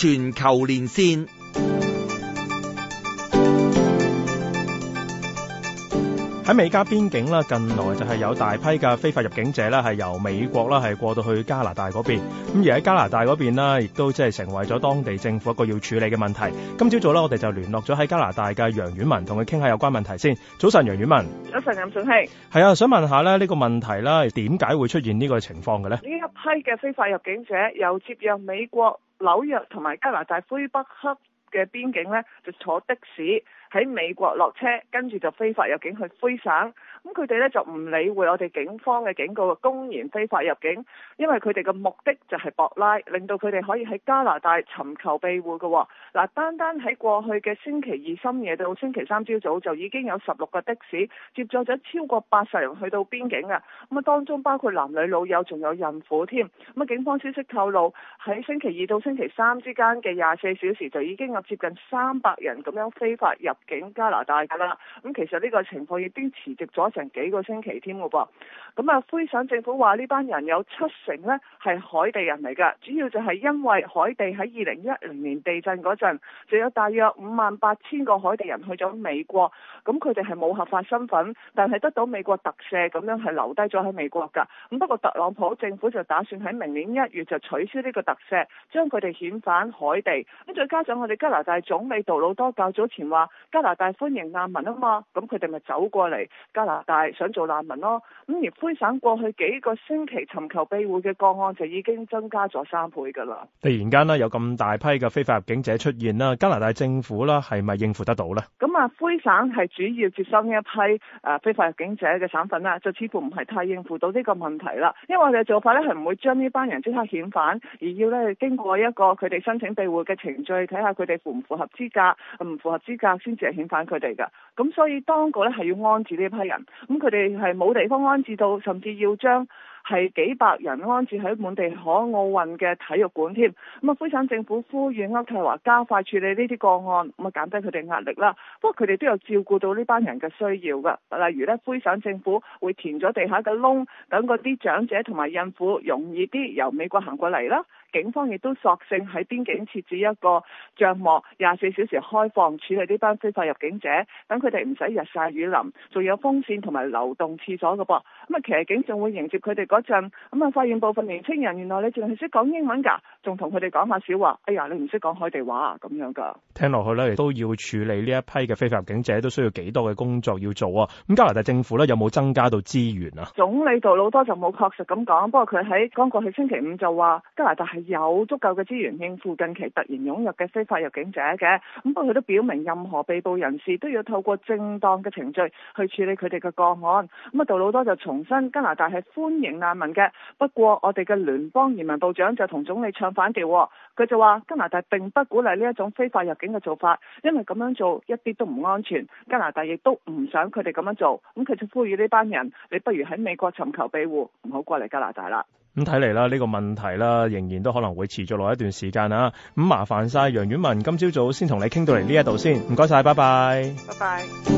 全球連線。喺美加邊境咧，近來就係有大批嘅非法入境者咧，係由美國啦，係過到去加拿大嗰邊。咁而喺加拿大嗰邊咧，亦都即係成為咗當地政府一個要處理嘅問題。今朝早咧，我哋就聯絡咗喺加拿大嘅楊婉文，同佢傾下有關問題先。早上早上。早晨，楊婉文。早晨，任順熙。係啊，想問一下咧，呢個問題咧，點解會出現呢個情況嘅呢？呢一批嘅非法入境者由接壤美國。紐約同埋加拿大魁北克嘅邊境咧，就坐的士。喺美國落車，跟住就非法入境去魁省。咁佢哋呢就唔理會我哋警方嘅警告，公然非法入境。因為佢哋嘅目的就係博拉，令到佢哋可以喺加拿大尋求庇護嘅。嗱，單單喺過去嘅星期二深夜到星期三朝早，就已經有十六個的士接載咗超過八十人去到邊境嘅。咁啊，當中包括男女老幼，仲有孕婦添。咁啊，警方消息透露，喺星期二到星期三之間嘅廿四小時，就已經有接近三百人咁樣非法入境。境加拿大㗎啦，咁其實呢個情況已經持續咗成幾個星期添㗎噃，咁啊，魁省政府話呢班人有七成呢係海地人嚟㗎，主要就係因為海地喺二零一零年地震嗰陣，就有大約五萬八千個海地人去咗美國，咁佢哋係冇合法身份，但係得到美國特赦咁樣係留低咗喺美國㗎，咁不過特朗普政府就打算喺明年一月就取消呢個特赦，將佢哋遣返海地，咁再加上我哋加拿大總理杜魯多較早前話。加拿大歡迎難民啊嘛，咁佢哋咪走過嚟加拿大想做難民咯。咁而魁省過去幾個星期尋求庇護嘅個案就已經增加咗三倍㗎啦。突然間呢，有咁大批嘅非法入境者出現啦，加拿大政府啦係咪應付得到呢？咁啊魁省係主要接收呢一批誒非法入境者嘅省份啦，就似乎唔係太應付到呢個問題啦。因為我哋做法咧係唔會將呢班人即刻遣返，而要咧經過一個佢哋申請庇護嘅程序，睇下佢哋符唔符合資格，唔符合資格先。即係遣返佢哋噶，咁所以當局咧係要安置呢一批人，咁佢哋係冇地方安置到，甚至要將。係幾百人安置喺滿地可奧運嘅體育館添，咁啊，魁省政府呼籲渥太華加快處理呢啲個案，咁啊減低佢哋壓力啦。不過佢哋都有照顧到呢班人嘅需要㗎，例如咧，魁省政府會填咗地下嘅窿，等嗰啲長者同埋孕婦容易啲由美國行過嚟啦。警方亦都索性喺邊境設置一個帳幕，廿四小時開放處理呢班非法入境者，等佢哋唔使日曬雨淋，仲有風扇同埋流動廁所㗎噃。咁啊，騎警仲會迎接佢哋嗰陣，咁、嗯、啊發現部分年青人原來你淨係識講英文噶，仲同佢哋講下笑話哎呀，你唔識講海地話咁、啊、樣噶。聽落去咧，亦都要處理呢一批嘅非法入境者，都需要幾多嘅工作要做啊？咁加拿大政府咧，有冇增加到資源啊？總理杜魯多就冇確實咁講，不過佢喺剛過去星期五就話加拿大係有足夠嘅資源應付近期突然湧入嘅非法入境者嘅。咁不過佢都表明任何被捕人士都要透過正當嘅程序去處理佢哋嘅個案。咁、嗯、啊，杜魯多就從本身加拿大係歡迎難民嘅，不過我哋嘅聯邦移民部長就同總理唱反調，佢就話加拿大並不鼓勵呢一種非法入境嘅做法，因為咁樣做一啲都唔安全，加拿大亦都唔想佢哋咁樣做，咁佢就呼籲呢班人，你不如喺美國尋求庇護，唔好過嚟加拿大啦。咁睇嚟啦，呢個問題啦，仍然都可能會續持續落一段時間啊。咁麻煩晒。楊婉文，今朝早，早先同你傾到嚟呢一度先，唔該晒，拜拜。拜拜。